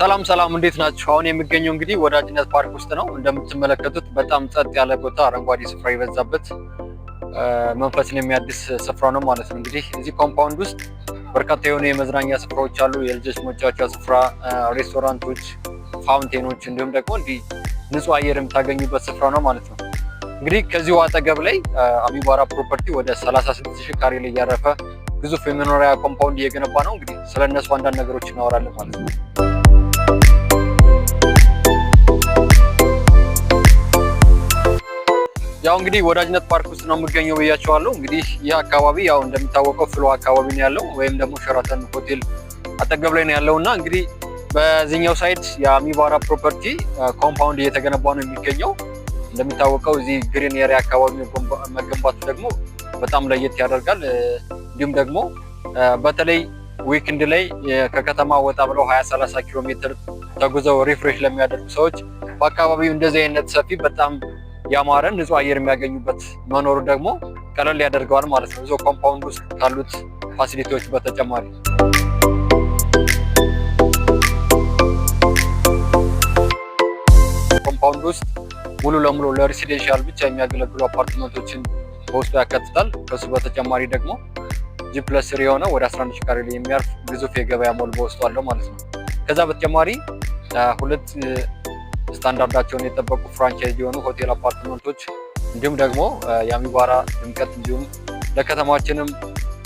ሰላም ሰላም፣ እንዴት ናችሁ? አሁን የሚገኘው እንግዲህ ወዳጅነት ፓርክ ውስጥ ነው። እንደምትመለከቱት በጣም ጸጥ ያለ ቦታ፣ አረንጓዴ ስፍራ የበዛበት መንፈስን የሚያድስ ስፍራ ነው ማለት ነው። እንግዲህ እዚህ ኮምፓውንድ ውስጥ በርካታ የሆኑ የመዝናኛ ስፍራዎች አሉ። የልጆች መጫወቻ ስፍራ፣ ሬስቶራንቶች፣ ፋውንቴኖች እንዲሁም ደግሞ እንዲህ ንጹህ አየር የምታገኙበት ስፍራ ነው ማለት ነው። እንግዲህ ከዚሁ አጠገብ ላይ አሚባራ ፕሮፐርቲ ወደ 36 ሺህ ካሬ ላይ ያረፈ ግዙፍ የመኖሪያ ኮምፓውንድ እየገነባ ነው። እንግዲህ ስለ እነሱ አንዳንድ ነገሮች እናወራለን ማለት ነው። ያው እንግዲህ ወዳጅነት ፓርክ ውስጥ ነው የምገኘው ብያቸዋለሁ። እንግዲህ ይህ አካባቢ ያው እንደሚታወቀው ፍሎ አካባቢ ነው ያለው ወይም ደግሞ ሸራተን ሆቴል አጠገብ ላይ ነው ያለው እና እንግዲህ በዚህኛው ሳይድ የአሚባራ ፕሮፐርቲ ኮምፓውንድ እየተገነባ ነው የሚገኘው። እንደሚታወቀው እዚህ ግሪን ኤሪያ አካባቢ መገንባቱ ደግሞ በጣም ለየት ያደርጋል። እንዲሁም ደግሞ በተለይ ዊክንድ ላይ ከከተማ ወጣ ብለው 230 ኪሎ ሜትር ተጉዘው ሪፍሬሽ ለሚያደርጉ ሰዎች በአካባቢው እንደዚህ አይነት ሰፊ በጣም ያማረ ንጹህ አየር የሚያገኙበት መኖሩ ደግሞ ቀለል ያደርገዋል ማለት ነው። እዛው ኮምፓውንድ ውስጥ ካሉት ፋሲሊቲዎች በተጨማሪ ኮምፓውንድ ውስጥ ሙሉ ለሙሉ ለሬሲደንሻል ብቻ የሚያገለግሉ አፓርትመንቶችን በውስጡ ያካትታል። ከሱ በተጨማሪ ደግሞ ጂ ፕለስ ስሪ የሆነ ወደ 11 ሺህ ካሬ ላይ የሚያርፍ ግዙፍ የገበያ ሞል በውስጡ አለው ማለት ነው። ከዛ በተጨማሪ ሁለት ስታንዳርዳቸውን የጠበቁ ፍራንቻይዝ የሆኑ ሆቴል አፓርትመንቶች እንዲሁም ደግሞ የአሚባራ ድምቀት እንዲሁም ለከተማችንም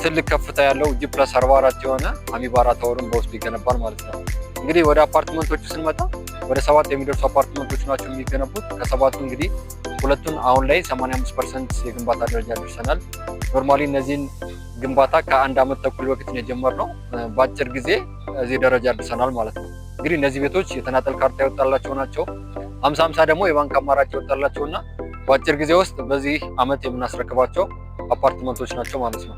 ትልቅ ከፍታ ያለው ጂ ፕለስ 44 የሆነ አሚባራ ታወርን በውስጡ ይገነባል ማለት ነው። እንግዲህ ወደ አፓርትመንቶቹ ስንመጣ ወደ ሰባት የሚደርሱ አፓርትመንቶች ናቸው የሚገነቡት። ከሰባቱ እንግዲህ ሁለቱን አሁን ላይ 85 ፐርሰንት የግንባታ ደረጃ ደርሰናል። ኖርማሊ እነዚህን ግንባታ ከአንድ አመት ተኩል በፊት ነው የጀመርነው። በአጭር ጊዜ እዚህ ደረጃ ደርሰናል ማለት ነው። እንግዲህ እነዚህ ቤቶች የተናጠል ካርታ የወጣላቸው ናቸው። አምሳ አምሳ ደግሞ የባንክ አማራጭ እና በአጭር ጊዜ ውስጥ በዚህ አመት የምናስረክባቸው አፓርትመንቶች ናቸው ማለት ነው።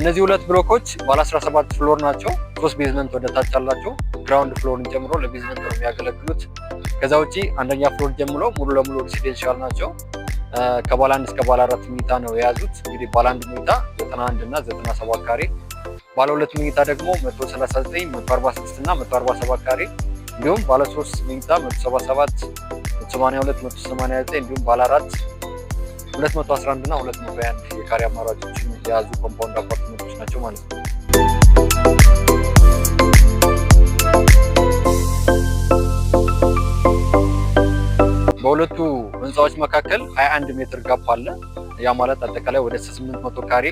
እነዚህ ሁለት ብሎኮች ባለ 17 ፍሎር ናቸው። ሶስት ቤዝመንት ወደ ታች አላቸው። ግራውንድ ፍሎርን ጨምሮ ለቤዝመንት ነው የሚያገለግሉት። ከዛ ውጪ አንደኛ ፍሎር ጀምሮ ሙሉ ለሙሉ ሬሲደንሻል ናቸው። ከባለ አንድ እስከ ባለ አራት መኝታ ነው የያዙት። እንግዲህ ባለ አንድ መኝታ 91 እና 97 ካሬ፣ ባለ ሁለት መኝታ ደግሞ 139፣ 146 እና 147 ካሬ እንዲሁም ባለ ሶስት መኝታ 177፣ 182፣ 189 እንዲሁም ባለ አራት 211 እና 221 የካሬ አማራጮችን የያዙ ኮምፓውንድ አፓርትመንቶች ናቸው ማለት ነው። በሁለቱ ህንፃዎች መካከል 21 ሜትር ጋፕ አለ። ያ ማለት አጠቃላይ ወደ 800 ካሬ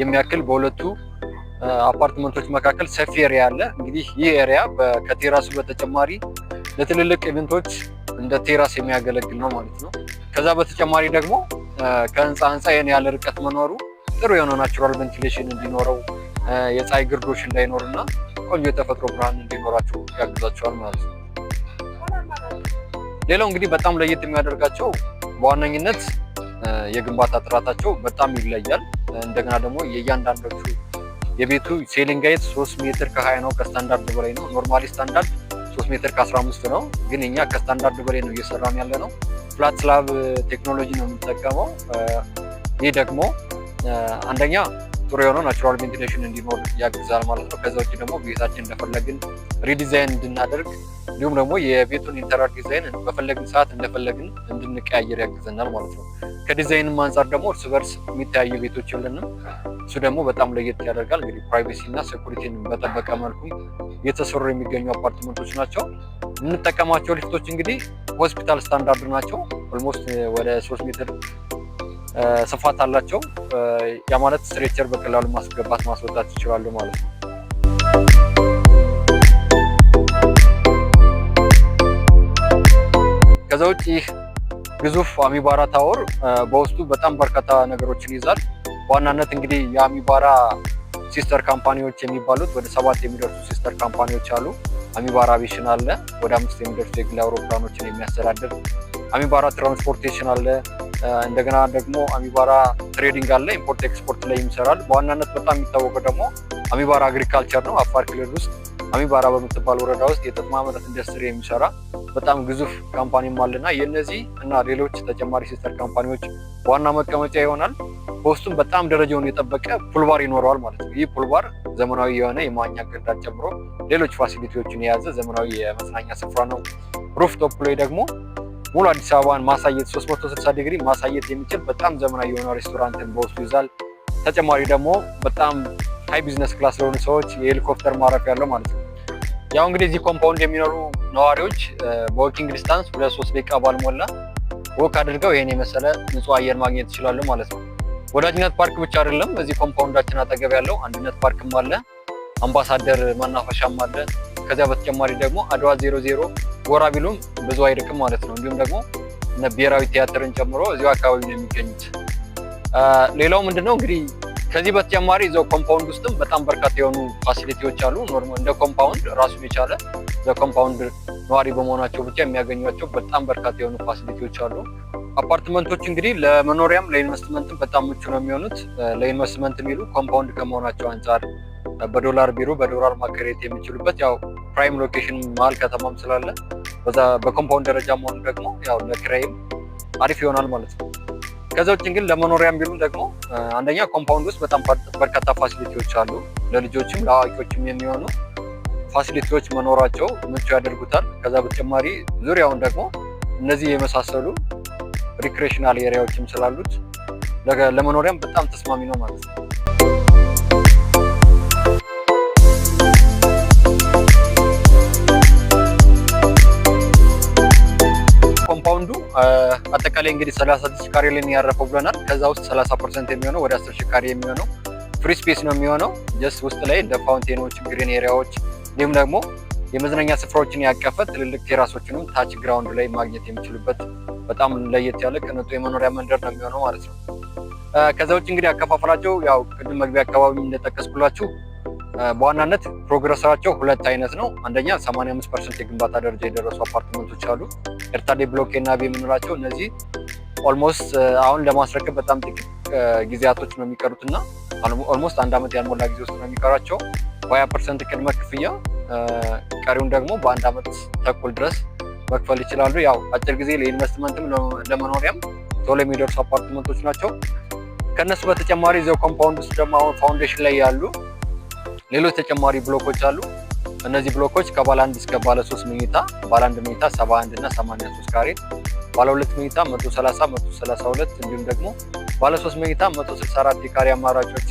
የሚያክል በሁለቱ አፓርትመንቶች መካከል ሰፊ ኤሪያ አለ። እንግዲህ ይህ ኤሪያ ከቴራሱ በተጨማሪ ለትልልቅ ኢቨንቶች እንደ ቴራስ የሚያገለግል ነው ማለት ነው። ከዛ በተጨማሪ ደግሞ ከህንፃ ህንፃ ይህን ያለ ርቀት መኖሩ ጥሩ የሆነ ናቹራል ቬንቲሌሽን እንዲኖረው የፀሐይ ግርዶሽ እንዳይኖርና ቆንጆ የተፈጥሮ ብርሃን እንዲኖራቸው ያግዛቸዋል ማለት ነው። ሌላው እንግዲህ በጣም ለየት የሚያደርጋቸው በዋነኝነት የግንባታ ጥራታቸው በጣም ይለያል። እንደገና ደግሞ የእያንዳንዶቹ የቤቱ ሴሊንግ ሃይት 3 ሜትር ከ20 ነው። ከስታንዳርድ በላይ ነው። ኖርማሊ ስታንዳርድ 3 ሜትር ከ15 ነው፣ ግን እኛ ከስታንዳርድ በላይ ነው እየሰራን ያለ ነው። ፍላት ስላብ ቴክኖሎጂ ነው የምንጠቀመው። ይህ ደግሞ አንደኛ ጥሩ የሆነው ናቹራል ቬንቲሌሽን እንዲኖር ያግዛል ማለት ነው። ከዛ ውጭ ደግሞ ቤታችን እንደፈለግን ሪዲዛይን እንድናደርግ እንዲሁም ደግሞ የቤቱን ኢንተራር ዲዛይን በፈለግን ሰዓት እንደፈለግን እንድንቀያየር ያግዘናል ማለት ነው። ከዲዛይንም አንጻር ደግሞ እርስ በርስ የሚተያዩ ቤቶች የለንም። እሱ ደግሞ በጣም ለየት ያደርጋል። እንግዲህ ፕራይቬሲ እና ሴኩሪቲን በጠበቀ መልኩ የተሰሩ የሚገኙ አፓርትመንቶች ናቸው። የምንጠቀማቸው ሊፍቶች እንግዲህ ሆስፒታል ስታንዳርድ ናቸው። ኦልሞስት ወደ ሶስት ሜትር ስፋት አላቸው። ያ ማለት ስትሬቸር በቀላሉ ማስገባት ማስወጣት ይችላሉ ማለት ነው። ከዛ ውጭ ይህ ግዙፍ አሚባራ ታወር በውስጡ በጣም በርካታ ነገሮችን ይዛል። በዋናነት እንግዲህ የአሚባራ ሲስተር ካምፓኒዎች የሚባሉት ወደ ሰባት የሚደርሱ ሲስተር ካምፓኒዎች አሉ። አሚባራ አቪሽን አለ፣ ወደ አምስት የሚደርሱ የግል አውሮፕላኖችን የሚያስተዳድር አሚባራ ትራንስፖርቴሽን አለ። እንደገና ደግሞ አሚባራ ትሬዲንግ አለ፣ ኢምፖርት ኤክስፖርት ላይ ይሰራል። በዋናነት በጣም የሚታወቀው ደግሞ አሚባራ አግሪካልቸር ነው። አፋር ክልል ውስጥ አሚባራ በምትባል ወረዳ ውስጥ የጥጥ ኢንዱስትሪ የሚሰራ በጣም ግዙፍ ካምፓኒም አለና የነዚህ እና ሌሎች ተጨማሪ ሲስተር ካምፓኒዎች ዋና መቀመጫ ይሆናል። በውስጡም በጣም ደረጃውን የጠበቀ ፑልባር ይኖረዋል ማለት ነው። ይህ ፑልባር ዘመናዊ የሆነ የመዋኛ ገንዳ ጨምሮ ሌሎች ፋሲሊቲዎችን የያዘ ዘመናዊ የመዝናኛ ስፍራ ነው። ሩፍቶፕ ላይ ደግሞ ሙሉ አዲስ አበባን ማሳየት 360 ዲግሪ ማሳየት የሚችል በጣም ዘመናዊ የሆነ ሬስቶራንትን በውስጡ ይዛል። ተጨማሪ ደግሞ በጣም ሀይ ቢዝነስ ክላስ ለሆኑ ሰዎች የሄሊኮፕተር ማረፊያ ያለው ማለት ነው። ያው እንግዲህ እዚህ ኮምፓውንድ የሚኖሩ ነዋሪዎች በወኪንግ ዲስታንስ ሁለት ሶስት ደቂቃ ባልሞላ ወክ አድርገው ይሄን የመሰለ ንጹህ አየር ማግኘት ይችላሉ ማለት ነው። ወዳጅነት ፓርክ ብቻ አይደለም፣ እዚህ ኮምፓውንዳችን አጠገብ ያለው አንድነት ፓርክም አለ፣ አምባሳደር መናፈሻም አለ። ከዚያ በተጨማሪ ደግሞ አድዋ ዜሮ ዜሮ ጎራ ቢሉም ብዙ አይርቅም ማለት ነው። እንዲሁም ደግሞ እነ ብሔራዊ ቲያትርን ጨምሮ እዚሁ አካባቢ ነው የሚገኙት። ሌላው ምንድነው እንግዲህ ከዚህ በተጨማሪ ዘ ኮምፓውንድ ውስጥም በጣም በርካታ የሆኑ ፋሲሊቲዎች አሉ። ኖርማል እንደ ኮምፓውንድ ራሱን የቻለ ዘ ኮምፓውንድ ነዋሪ በመሆናቸው ብቻ የሚያገኟቸው በጣም በርካታ የሆኑ ፋሲሊቲዎች አሉ። አፓርትመንቶች እንግዲህ ለመኖሪያም ለኢንቨስትመንትም በጣም ምቹ ነው የሚሆኑት። ለኢንቨስትመንት የሚሉ ኮምፓውንድ ከመሆናቸው አንጻር በዶላር ቢሮ በዶላር ማከሬት የሚችሉበት ያው ፕራይም ሎኬሽን መሀል ከተማም ስላለ በዛ በኮምፓውንድ ደረጃ መሆኑ ደግሞ ያው ለክራይም አሪፍ ይሆናል ማለት ነው። ከዛ ውጭ ግን ለመኖሪያም ቢሉ ደግሞ አንደኛ ኮምፓውንድ ውስጥ በጣም በርካታ ፋሲሊቲዎች አሉ። ለልጆችም ለአዋቂዎችም የሚሆኑ ፋሲሊቲዎች መኖራቸው ምቹ ያደርጉታል። ከዛ በተጨማሪ ዙሪያውን ደግሞ እነዚህ የመሳሰሉ ሪክሬሽናል ኤሪያዎችም ስላሉት ለመኖሪያም በጣም ተስማሚ ነው ማለት ነው። አጠቃላይ እንግዲህ 36 ካሬ ላይ ያረፈው ብለናል። ከዛ ውስጥ 30 ፐርሰንት የሚሆነው ወደ 10 ሺህ ካሬ የሚሆነው ፍሪ ስፔስ ነው የሚሆነው። ጀስት ውስጥ ላይ እንደ ፋውንቴኖች፣ ግሪን ኤሪያዎች እንዲሁም ደግሞ የመዝናኛ ስፍራዎችን ያቀፈ ትልልቅ ቴራሶችንም ታች ግራውንድ ላይ ማግኘት የሚችሉበት በጣም ለየት ያለ ቅንጡ የመኖሪያ መንደር ነው የሚሆነው ማለት ነው። ከዛ ውጭ እንግዲህ አከፋፈላቸው ያው ቅድም መግቢያ አካባቢ እንደጠቀስኩላችሁ በዋናነት ፕሮግረሳቸው ሁለት አይነት ነው። አንደኛ 85 ፐርሰንት የግንባታ ደረጃ የደረሱ አፓርትመንቶች አሉ። ኤርታሌ ብሎኬ ኤና የምንላቸው እነዚህ ኦልሞስት አሁን ለማስረከብ በጣም ጥቂት ጊዜያቶች ነው የሚቀሩት እና ኦልሞስት አንድ ዓመት ያልሞላ ጊዜ ውስጥ ነው የሚቀራቸው። በሀያ ፐርሰንት ቅድመ ክፍያ ቀሪውን ደግሞ በአንድ ዓመት ተኩል ድረስ መክፈል ይችላሉ። ያው አጭር ጊዜ ለኢንቨስትመንትም ለመኖሪያም ቶሎ የሚደርሱ አፓርትመንቶች ናቸው። ከእነሱ በተጨማሪ ዘው ኮምፓውንድ ውስጥ ደግሞ አሁን ፋውንዴሽን ላይ ያሉ ሌሎች ተጨማሪ ብሎኮች አሉ። እነዚህ ብሎኮች ከባለ አንድ እስከ ባለ ሶስት መኝታ ባለ አንድ መኝታ 71 እና 83 ካሬ፣ ባለ ሁለት መኝታ 130፣ 132 እንዲሁም ደግሞ ባለ ሶስት መኝታ 164 የካሬ አማራጮች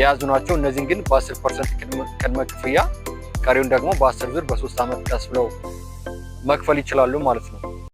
የያዙ ናቸው። እነዚህን ግን በ10 ፐርሰንት ቅድመ ክፍያ፣ ቀሪውን ደግሞ በ10 ዙር በ ዓመት ቀስ ብለው መክፈል ይችላሉ ማለት ነው።